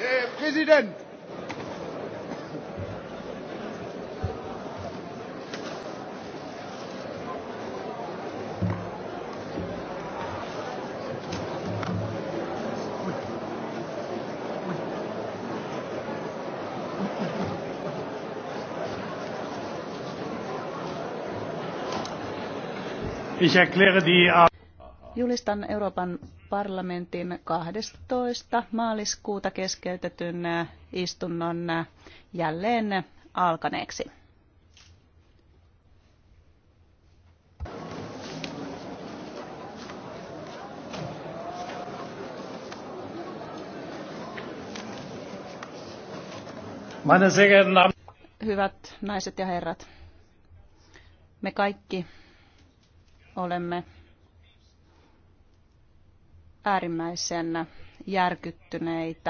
Eh, Präsident! Ich erkläre die Julistan Euroopan parlamentin 12. maaliskuuta keskeytetyn istunnon jälleen alkaneeksi. Hyvät naiset ja herrat, me kaikki olemme äärimmäisen järkyttyneitä